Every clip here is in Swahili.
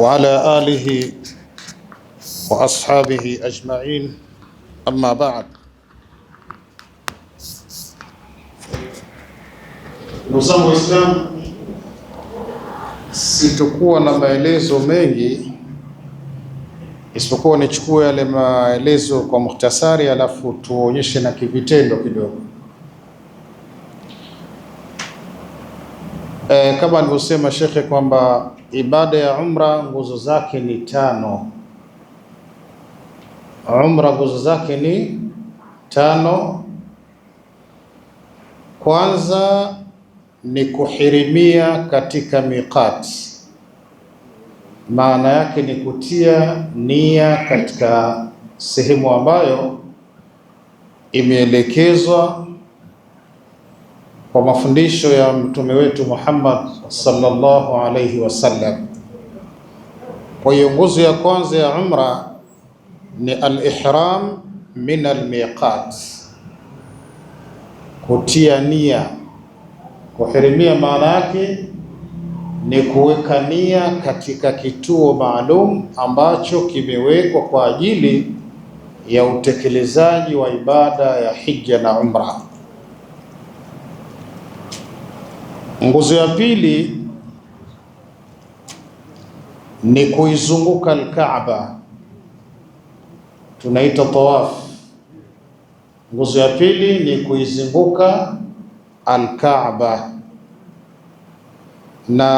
وعلى آله وأصحابه أجمعين أما بعد Ndugu Waislamu, sitokuwa na maelezo mengi isipokuwa nichukue yale maelezo kwa mukhtasari, alafu tuonyeshe na kivitendo kidogo. E, kama alivyosema shekhe kwamba ibada ya umra nguzo zake ni tano. Umra nguzo zake ni tano. Kwanza ni kuhirimia katika miqati, maana yake ni kutia nia katika sehemu ambayo imeelekezwa kwa mafundisho ya mtume wetu Muhammad sallallahu alayhi wasallam. Kwa hiyo nguzo ya kwanza ya umra ni al-ihram min al-miqat, kutia nia. Kuhirimia maana yake ni kuweka nia katika kituo maalum ambacho kimewekwa kwa ajili ya utekelezaji wa ibada ya hija na umra. Nguzo ya pili ni kuizunguka Alkaaba, tunaita tawafu. Nguzo ya pili ni kuizunguka Alkaaba, na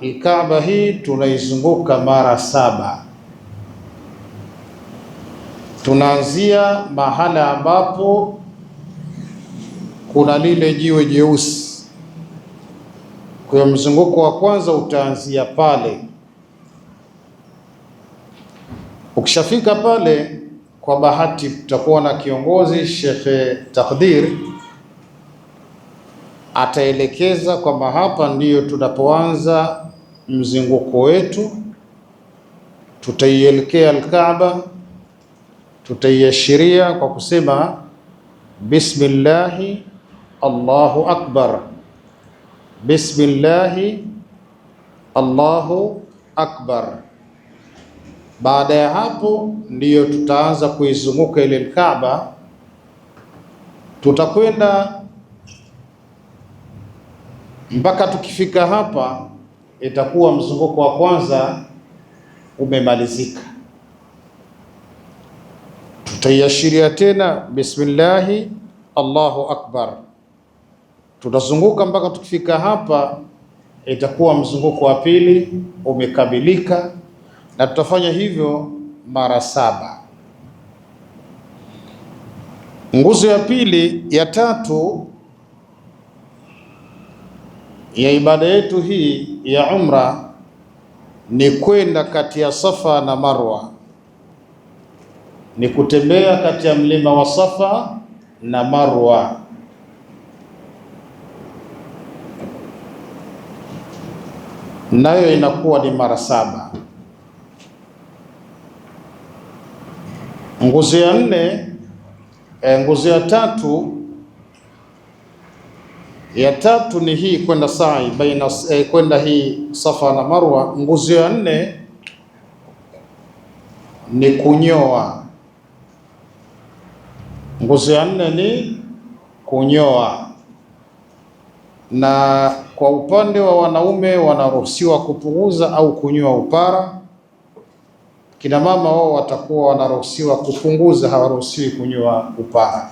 Alkaaba hii tunaizunguka mara saba. Tunaanzia mahala ambapo kuna lile jiwe jeusi kwa hiyo mzunguko wa kwanza utaanzia pale. Ukishafika pale, kwa bahati tutakuwa na kiongozi Shekhe Takdir ataelekeza kwamba hapa ndiyo tunapoanza mzunguko wetu, tutaielekea Alkaaba, tutaiashiria kwa kusema bismillahi Allahu akbar Bismillahi, Allahu akbar. Baada ya hapo ndiyo tutaanza kuizunguka ile Kaaba, tutakwenda mpaka tukifika hapa, itakuwa mzunguko wa kwanza umemalizika. Tutaiashiria tena bismillahi, Allahu akbar tutazunguka mpaka tukifika hapa, itakuwa mzunguko wa pili umekamilika, na tutafanya hivyo mara saba. Nguzo ya pili ya tatu ya ibada yetu hii ya umra ni kwenda kati ya Safa na Marwa, ni kutembea kati ya mlima wa Safa na Marwa. nayo inakuwa ni mara saba. Nguzo ya nne, e, nguzo ya tatu ya tatu ni hii kwenda sa'i baina e, kwenda hii Safa na Marwa. Nguzo ya nne ni kunyoa. Nguzo ya nne ni kunyoa na kwa upande wa wanaume wanaruhusiwa kupunguza au kunywa upara. Kina mama wao watakuwa wanaruhusiwa kupunguza, hawaruhusiwi kunywa upara.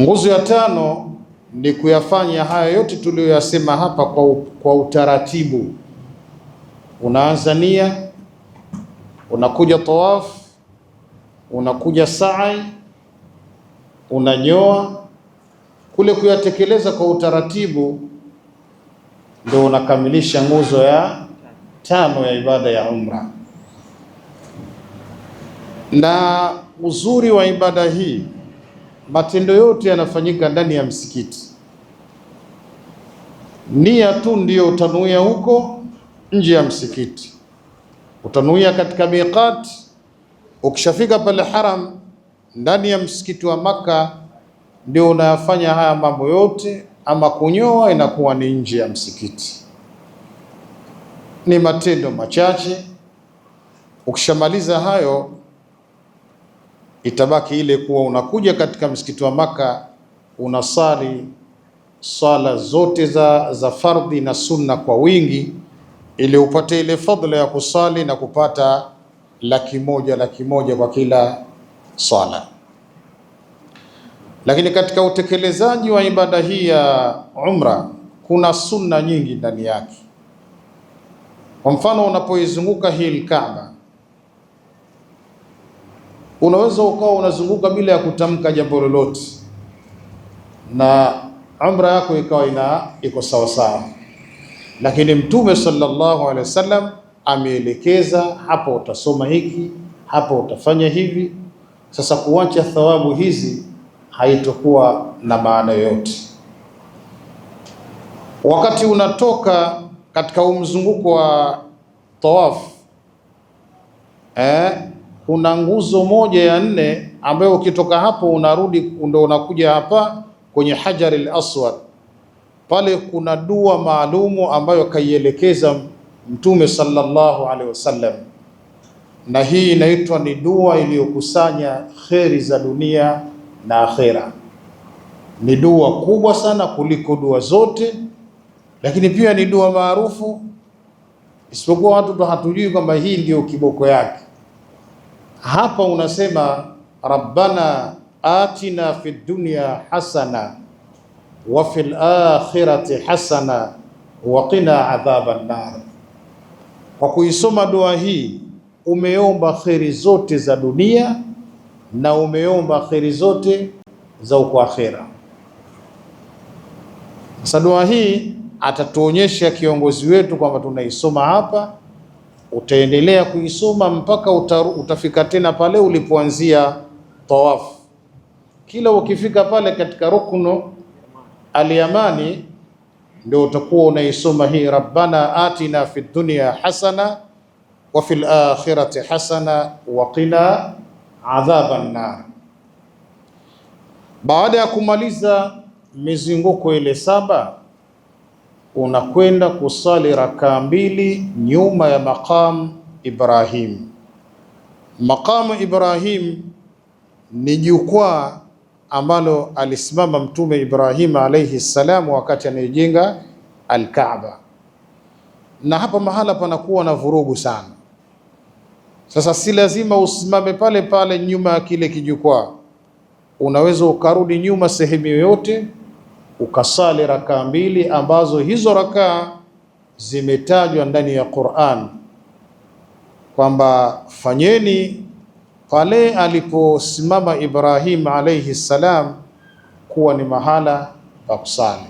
Nguzo ya tano ni kuyafanya haya yote tuliyoyasema hapa kwa, kwa utaratibu. Unaanza nia, unakuja tawafu, unakuja sa'i, unanyoa kule kuyatekeleza kwa utaratibu ndio unakamilisha nguzo ya tano ya ibada ya umra. Na uzuri wa ibada hii, matendo yote yanafanyika ndani ya msikiti. Nia tu ndiyo utanuia huko nje ya msikiti, utanuia katika miqat. Ukishafika pale haram ndani ya msikiti wa maka ndio unayafanya haya mambo yote, ama kunyoa inakuwa ni nje ya msikiti. Ni matendo machache. Ukishamaliza hayo, itabaki ile kuwa unakuja katika msikiti wa Maka unasali sala zote za, za fardhi na sunna kwa wingi, ili upate ile fadhila ya kusali na kupata laki moja laki moja kwa kila sala. Lakini katika utekelezaji wa ibada hii ya umra kuna sunna nyingi ndani yake. Kwa mfano, unapoizunguka hii Kaaba unaweza ukawa unazunguka bila ya kutamka jambo lolote, na umra yako ikawa ina iko sawasawa. Lakini Mtume sallallahu alaihi wasallam ameelekeza hapo, utasoma hiki, hapo utafanya hivi. Sasa kuacha thawabu hizi haitokuwa na maana yoyote. Wakati unatoka katika huu mzunguko wa tawafu eh, kuna nguzo moja ya nne ambayo ukitoka hapo unarudi ndo unakuja hapa kwenye al Aswad pale kuna dua maalumu ambayo kaielekeza Mtume sallallahu alaihi wasallam, na hii inaitwa ni dua iliyokusanya kheri za dunia na akhera. Ni dua kubwa sana kuliko dua zote, lakini pia ni dua maarufu, isipokuwa watu hatujui kwamba hii ndio kiboko yake. Hapa unasema rabbana atina fi dunya hasana wa fil akhirati hasana wa qina adhaban nar. Kwa kuisoma dua hii umeomba kheri zote za dunia na umeomba kheri zote za uko akhera. Sasa dua hii atatuonyesha kiongozi wetu kwamba tunaisoma hapa, utaendelea kuisoma mpaka utaru, utafika tena pale ulipoanzia tawafu. Kila ukifika pale katika ruknu alyamani ndio utakuwa unaisoma hii, rabbana atina fid dunya hasana wa fil akhirati hasana wa qina adhaban nar. Baada ya kumaliza mizunguko ile saba, unakwenda kusali rakaa mbili nyuma ya maqamu Ibrahim. Maqamu Ibrahim ni jukwaa ambalo alisimama Mtume Ibrahim alayhi ssalamu wakati anayejenga Alkaaba, na hapa mahala panakuwa na vurugu sana sasa si lazima usimame pale pale nyuma ya kile kijukwaa, unaweza ukarudi nyuma sehemu yoyote ukasali rakaa mbili ambazo hizo rakaa zimetajwa ndani ya Qur'an kwamba fanyeni pale aliposimama Ibrahim alayhi salam kuwa ni mahala pa kusali.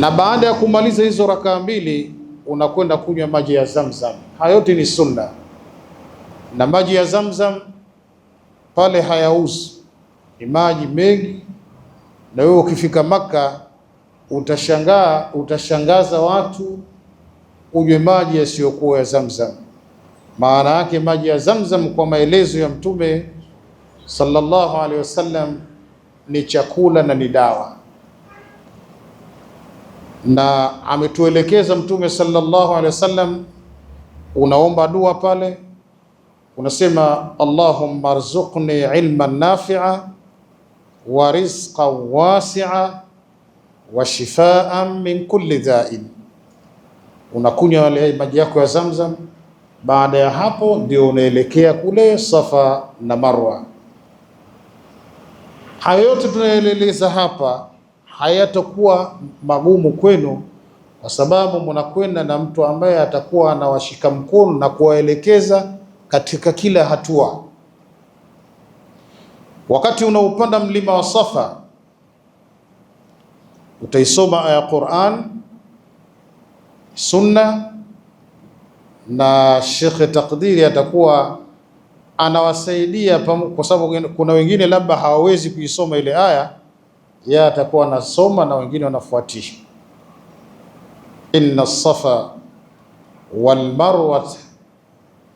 Na baada ya kumaliza hizo rakaa mbili unakwenda kunywa maji ya Zamzam. Hayo yote ni sunna, na maji ya Zamzam pale hayauzi, ni maji mengi, na wewe ukifika Makka utashangaa, utashangaza watu unywe maji yasiyokuwa ya Zamzam. Maana yake maji ya Zamzam kwa maelezo ya Mtume sallallahu alaihi wasallam ni chakula na ni dawa na ametuelekeza Mtume sallallahu alaihi wasallam, unaomba dua pale unasema Allahumma rzuqni ilman nafi'a wa rizqan wasi'a wa shifaan min kulli dha'in. Unakunywa yale maji yako ya Zamzam. Baada ya hapo ndio unaelekea kule Safa na Marwa. Hayo yote tunayoeleza hapa hayatakuwa magumu kwenu, kwa sababu mnakwenda na mtu ambaye atakuwa anawashika mkono na kuwaelekeza katika kila hatua. Wakati unaupanda mlima wa Safa utaisoma aya Qur'an, Sunna na Sheikh Taqdiri atakuwa anawasaidia, kwa sababu kuna wengine labda hawawezi kuisoma ile aya yeye atakuwa anasoma na wengine wanafuatisha. Inna safa wal marwa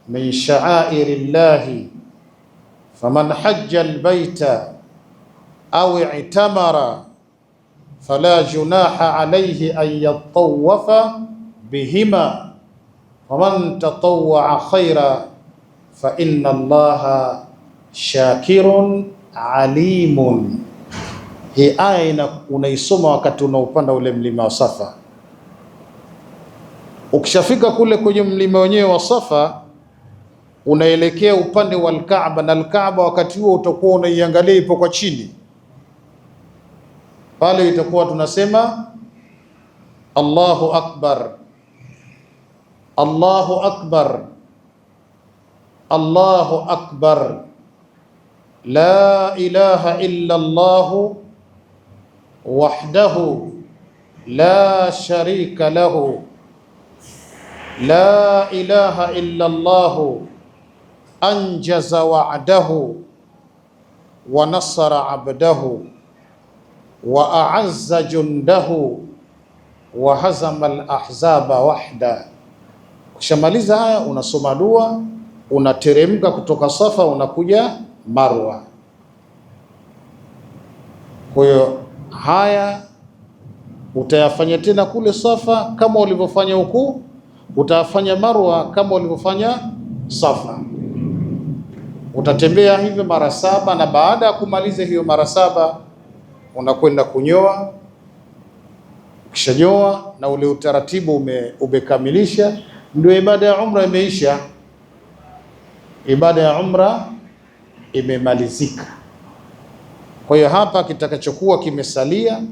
min sha'airi llahi faman hajja albaita au i'tamara fala junaha alayhi an yatawafa bihima waman tatawaa khaira fa inna allaha shakirun alimun. Hii aya unaisoma wakati unaupanda ule mlima wa Safa. Ukishafika kule kwenye mlima wenyewe wa Safa, unaelekea upande wa Alkaaba, na Alkaaba wakati huo utakuwa unaiangalia ipo kwa chini pale, itakuwa tunasema Allahu akbar, Allahu akbar, Allahu akbar, la ilaha illa Allahu wahdahu la sharika lahu la ilaha illa Allah anjaza wa'dahu wa nasara abdahu wa a'azza jundahu wa hazama al-ahzaba wahda. Ukishamaliza haya unasoma dua, unateremka kutoka Safa unakuja Marwa. Kwa hiyo haya utayafanya tena kule Safa kama ulivyofanya huku, utayafanya Marwa kama ulivyofanya Safa. Utatembea hivyo mara saba, na baada ya kumaliza hiyo mara saba unakwenda kunyoa. Ukishanyoa na ule utaratibu ume, umekamilisha, ndio ibada ya umra imeisha, ibada ya umra imemalizika. Kwa hiyo hapa kitakachokuwa kimesalia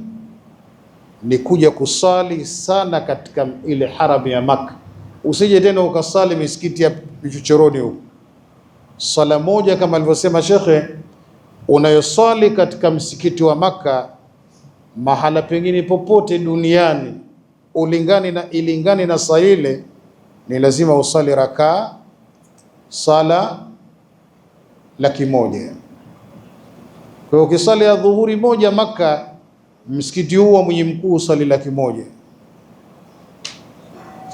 ni kuja kusali sana katika ile haramu ya Makka. Usije tena ukasali misikiti ya vichochoroni huko. Sala moja kama alivyosema shekhe, unayosali katika msikiti wa Makka mahala pengine popote duniani, ulingani na ilingani na saa ile, ni lazima usali rakaa sala laki moja. Kwa hiyo ukisali adhuhuri moja Makka, msikiti huu wa Mwenye Mkuu sali laki moja.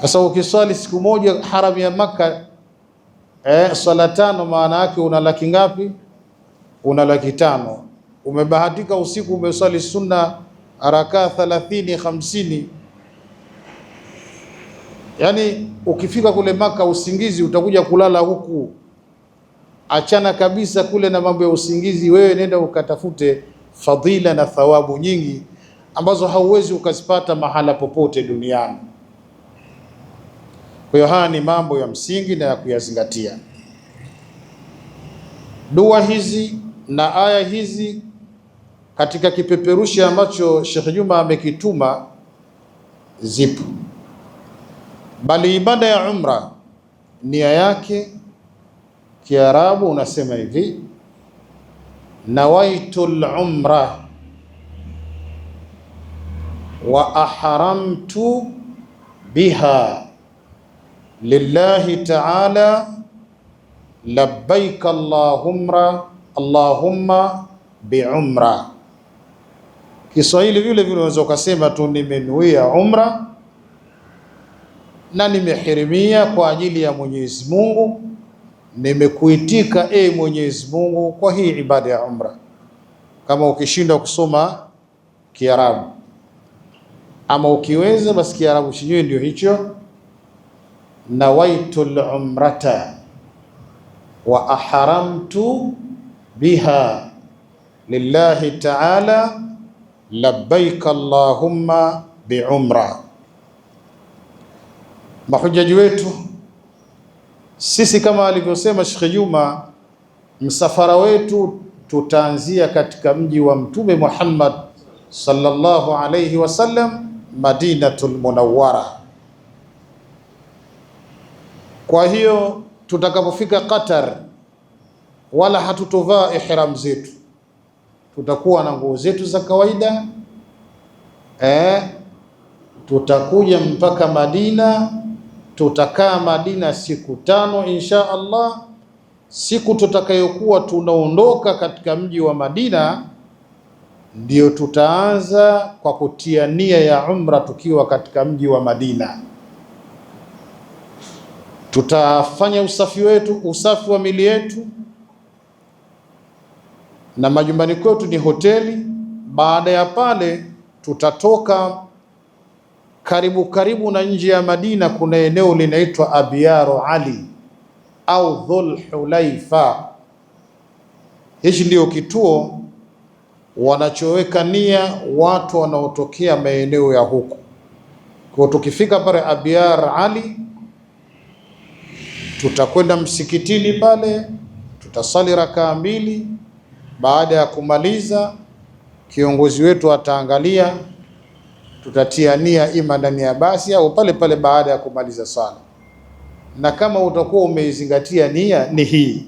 Sasa ukiswali siku moja haram ya Makka eh, swala tano, maana yake una laki ngapi? Una laki tano. Umebahatika usiku umeswali sunna rakaa thalathini hamsini, yaani ukifika kule maka usingizi utakuja kulala huku Achana kabisa kule na mambo ya usingizi, wewe nenda ukatafute fadhila na thawabu nyingi ambazo hauwezi ukazipata mahala popote duniani. Kwa hiyo haya ni mambo ya msingi na ya kuyazingatia. Dua hizi na aya hizi katika kipeperushi ambacho Sheikh Juma amekituma zipo, bali ibada ya umra nia yake Kiarabu unasema hivi nawaitu lumra wa ahramtu biha lillahi taala labbaik allahumma allahumma biumra. Kiswahili vile vile unaweza ukasema tu nimenuia umra na nimehirimia kwa ajili ya Mwenyezi Mungu nimekuitika e Mwenyezi Mungu kwa hii ibada ya umra. Kama ukishindwa kusoma Kiarabu ama ukiweza, basi Kiarabu chenyewe ndio hicho, nawaitu umrata wa ahramtu biha lillahi ta'ala labbaik allahumma biumra. Mahujaji wetu sisi kama alivyosema Sheikh Juma, msafara wetu tutaanzia katika mji wa Mtume Muhammad sallallahu alayhi wasallam, Madinatul Munawwara. Kwa hiyo tutakapofika Qatar, wala hatutovaa ihram zetu, tutakuwa na nguo zetu za kawaida eh, tutakuja mpaka Madina tutakaa Madina siku tano insha Allah. Siku tutakayokuwa tunaondoka katika mji wa Madina ndio tutaanza kwa kutia nia ya umra tukiwa katika mji wa Madina. Tutafanya usafi wetu, usafi wa mili yetu na majumbani kwetu ni hoteli. Baada ya pale tutatoka karibu karibu na nje ya Madina kuna eneo linaitwa Abyaru Ali au Dhul Hulaifa. Hichi ndio kituo wanachoweka nia watu wanaotokea maeneo ya huku. Kwa tukifika pale Abyar Ali, tutakwenda msikitini pale, tutasali rakaa mbili. Baada ya kumaliza, kiongozi wetu ataangalia tutatia nia ima ndani ya basi au pale pale baada ya kumaliza sala, na kama utakuwa umeizingatia nia ni hii,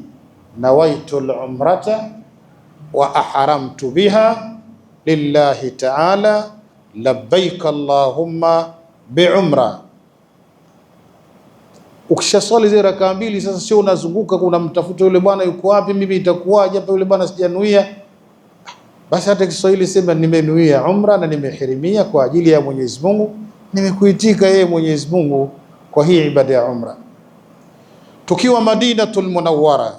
nawaitu lumrata wa ahramtu biha lillahi taala labbaik allahumma biumra. Ukishaswali zile rakaa mbili, sasa sio unazunguka, kuna mtafuta yule bwana yuko wapi, mimi itakuwaje hapa, yule bwana sijanuia basi hata Kiswahili sema, nimenuia umra na nimehirimia kwa ajili ya Mwenyezi Mungu, nimekuitika yeye Mwenyezi Mungu kwa hii ibada ya umra. Tukiwa Madinatul Munawwara,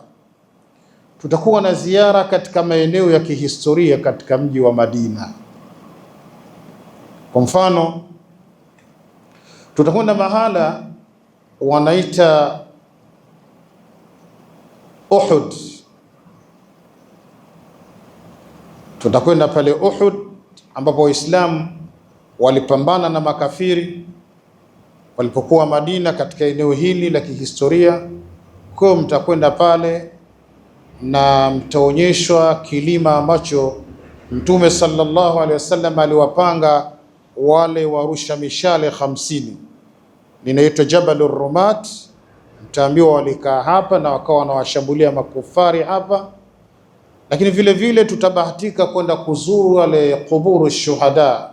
tutakuwa na ziara katika maeneo ya kihistoria katika mji wa Madina. Kwa mfano, tutakwenda mahala wanaita Uhud Tutakwenda pale Uhud ambapo Waislamu walipambana na makafiri walipokuwa Madina, katika eneo hili la kihistoria. Kwa mtakwenda pale na mtaonyeshwa kilima ambacho Mtume sallallahu alaihi wasallam aliwapanga wale warusha mishale hamsini, linaitwa Jabalur Rumat. Mtaambiwa walikaa hapa na wakawa wanawashambulia makufari hapa lakini vile vile tutabahatika kwenda kuzuru wale kuburu shuhada,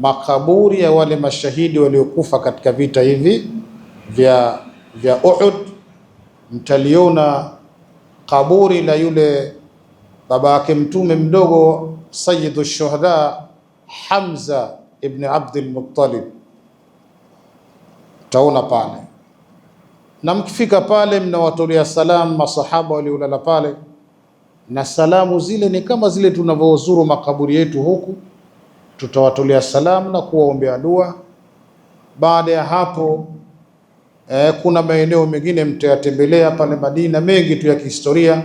makaburi ya wale mashahidi waliokufa katika vita hivi vya vya Uhud. Mtaliona kaburi la yule baba yake mtume mdogo sayyidu shuhada Hamza ibn Abdul Muttalib, taona pale, na mkifika pale mnawatolea salamu masahaba waliolala pale na salamu zile ni kama zile tunavyozuru makaburi yetu huku, tutawatolea salamu na kuwaombea dua. Baada ya hapo eh, kuna maeneo mengine mtayatembelea pale Madina mengi tu ya kihistoria.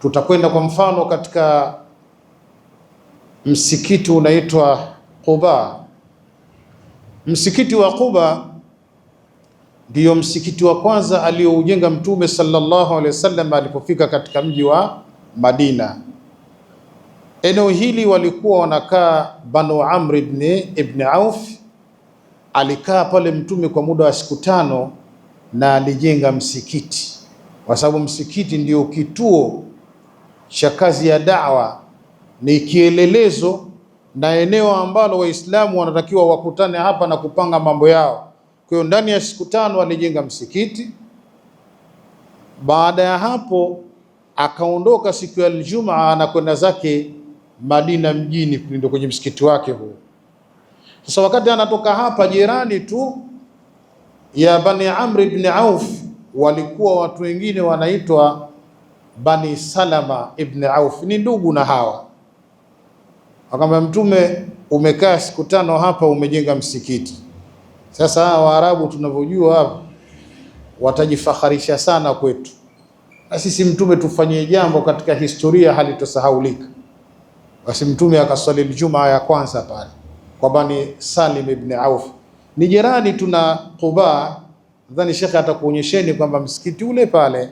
Tutakwenda kwa mfano katika msikiti unaitwa Quba. Msikiti wa Quba ndiyo msikiti wa kwanza aliyoujenga Mtume sallallahu alaihi wasallam alipofika katika mji wa Madina. Eneo hili walikuwa wanakaa Banu Amr ibn ibn Auf. Alikaa pale Mtume kwa muda wa siku tano na alijenga msikiti, kwa sababu msikiti ndio kituo cha kazi ya da'wa, ni kielelezo na eneo ambalo Waislamu wanatakiwa wakutane hapa na kupanga mambo yao. Kwa hiyo ndani ya siku tano alijenga msikiti. Baada ya hapo akaondoka siku ya Ijumaa na kwenda zake Madina mjini, ndio kwenye msikiti wake huo. Sasa wakati anatoka hapa, jirani tu ya Bani Amr ibn Auf walikuwa watu wengine wanaitwa Bani Salama ibn Auf, ni ndugu na hawa. Akamwambia Mtume, umekaa siku tano hapa, umejenga msikiti. Sasa Waarabu tunavyojua, watajifaharisha sana kwetu na sisi Mtume tufanyie jambo katika historia halitosahaulika. Basi Mtume akaswali Ijumaa ya kwanza pale, kwa bani Salim ibn Auf, ni jirani tuna Quba. Nadhani shekhe atakuonyesheni kwamba msikiti ule pale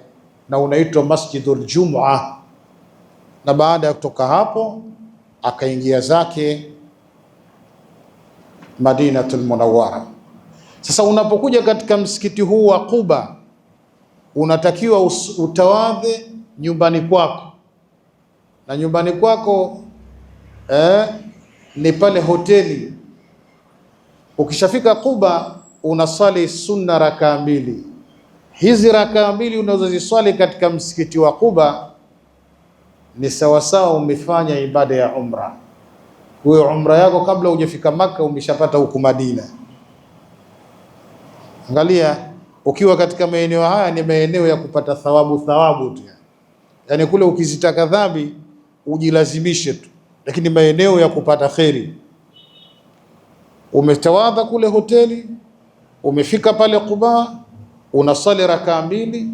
na unaitwa Masjidul Jum'a. Na baada ya kutoka hapo akaingia zake Madinatul Munawwara. Sasa unapokuja katika msikiti huu wa Quba unatakiwa utawadhe nyumbani kwako, na nyumbani kwako eh, ni pale hoteli. Ukishafika Quba unaswali sunna rakaa mbili. Hizi rakaa mbili unazoziswali katika msikiti wa Quba ni sawasawa umefanya ibada ya umra. Huyo umra yako kabla hujafika Maka umeshapata huku Madina. Angalia ukiwa katika maeneo haya ni maeneo ya kupata thawabu thawabu tu, yaani kule ukizitaka dhambi ujilazimishe tu, lakini maeneo ya kupata kheri. Umetawadha kule hoteli, umefika pale Quba, unasali rakaa mbili.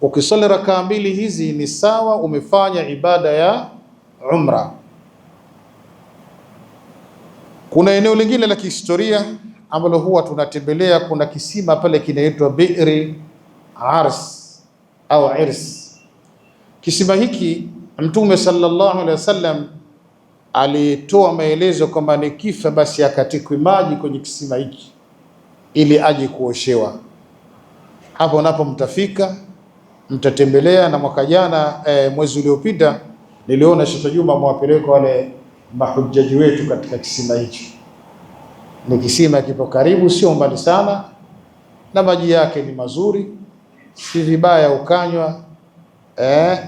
Ukisali rakaa mbili hizi ni sawa umefanya ibada ya umra. Kuna eneo lingine la kihistoria ambalo huwa tunatembelea. Kuna kisima pale kinaitwa Bi'ri Ars au Irs. Kisima hiki Mtume sallallahu alaihi wasallam alitoa maelezo kwamba nikifa basi akatikwe maji kwenye kisima hiki ili aje kuoshewa. Hapo napo mtafika mtatembelea. Na mwaka jana e, mwezi uliopita niliona Sheikh Juma amewapeleka wale mahujaji wetu katika kisima hicho. Ni kisima kipo karibu, sio mbali sana, na maji yake ni mazuri, si vibaya ukanywa eh,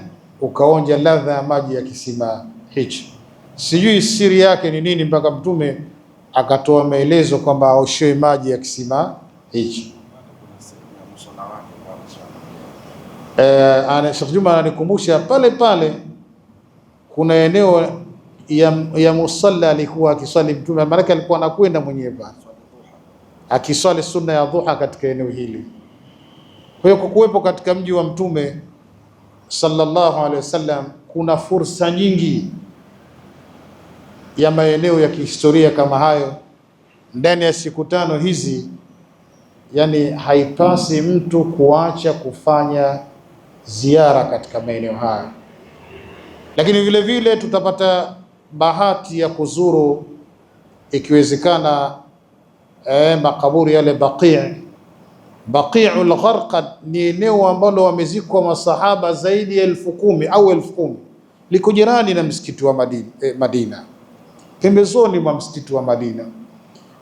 ukaonja ladha ya maji ya kisima hichi. Sijui siri yake ni nini mpaka Mtume akatoa maelezo kwamba aoshewe maji ya kisima hichi. Eh, Sheikh Juma ananikumbusha pale pale kuna eneo ya, ya musalla alikuwa akiswali Mtume, maanake alikuwa anakwenda mwenyewe pale akiswali sunna ya dhuha katika eneo hili. Kwa hiyo kukuwepo katika mji wa Mtume sallallahu alaihi wasallam kuna fursa nyingi ya maeneo ya kihistoria kama hayo ndani ya siku tano hizi. Yani haipasi mtu kuacha kufanya ziara katika maeneo hayo, lakini vile vile tutapata bahati ya kuzuru ikiwezekana eh, makaburi yale Baqi'. Baqi'ul Gharqad ni eneo ambalo wamezikwa masahaba zaidi ya elfu kumi au elfu kumi liko jirani na msikiti wa Madina, eh, Madina, pembezoni mwa msikiti wa Madina.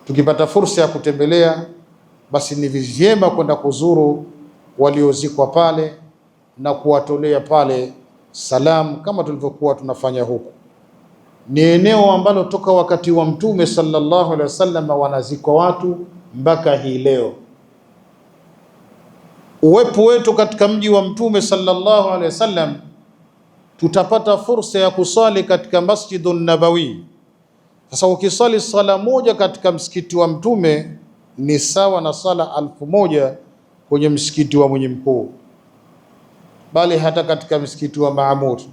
Tukipata fursa ya kutembelea, basi ni vyema kwenda kuzuru waliozikwa pale na kuwatolea pale salamu kama tulivyokuwa tunafanya huku ni eneo ambalo toka wakati wa Mtume sallallahu alaihi wasallam wanazikwa watu mpaka hii leo. Uwepo wetu katika mji wa Mtume sallallahu alaihi wasallam, tutapata fursa ya kusali katika masjidu Nabawi. Sasa ukisali sala moja katika msikiti wa Mtume ni sawa na sala alfu moja kwenye msikiti wa mwenye mkuu, bali hata katika msikiti wa maamuri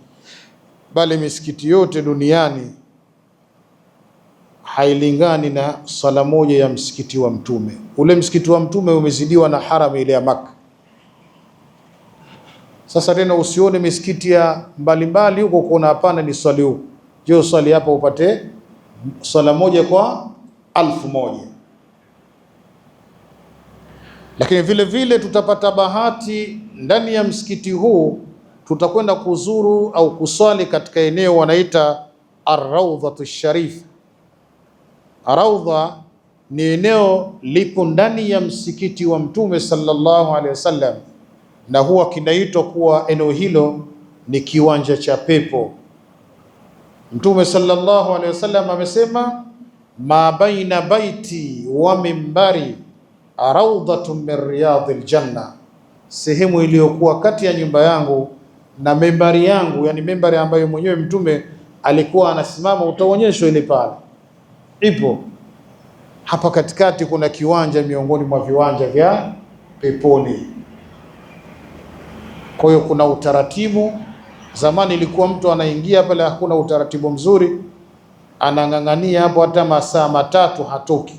bali misikiti yote duniani hailingani na sala moja ya msikiti wa Mtume. Ule msikiti wa Mtume umezidiwa na haramu ile ya Maka. Sasa tena usione misikiti ya mbalimbali huko kuona, hapana, ni swali huko, je, swali hapa upate swala moja kwa alfu moja. Lakini vile vile tutapata bahati ndani ya msikiti huu tutakwenda kuzuru au kuswali katika eneo wanaita Arraudhatu sharif Raudha ni eneo lipo ndani ya msikiti wa Mtume sallallahu alaihi wasallam, na huwa kinaitwa kuwa eneo hilo ni kiwanja cha pepo. Mtume sallallahu alaihi wasallam amesema, ma baina baiti wa mimbari raudhatun min riyadhil janna, sehemu iliyokuwa kati ya nyumba yangu na membari yangu, yani membari ambayo mwenyewe Mtume alikuwa anasimama, utaonyeshwa ile pale ipo hapa katikati. Kuna kiwanja miongoni mwa viwanja vya peponi. Kwa hiyo kuna utaratibu. Zamani ilikuwa mtu anaingia pale, hakuna utaratibu mzuri, anang'ang'ania hapo hata masaa matatu hatoki.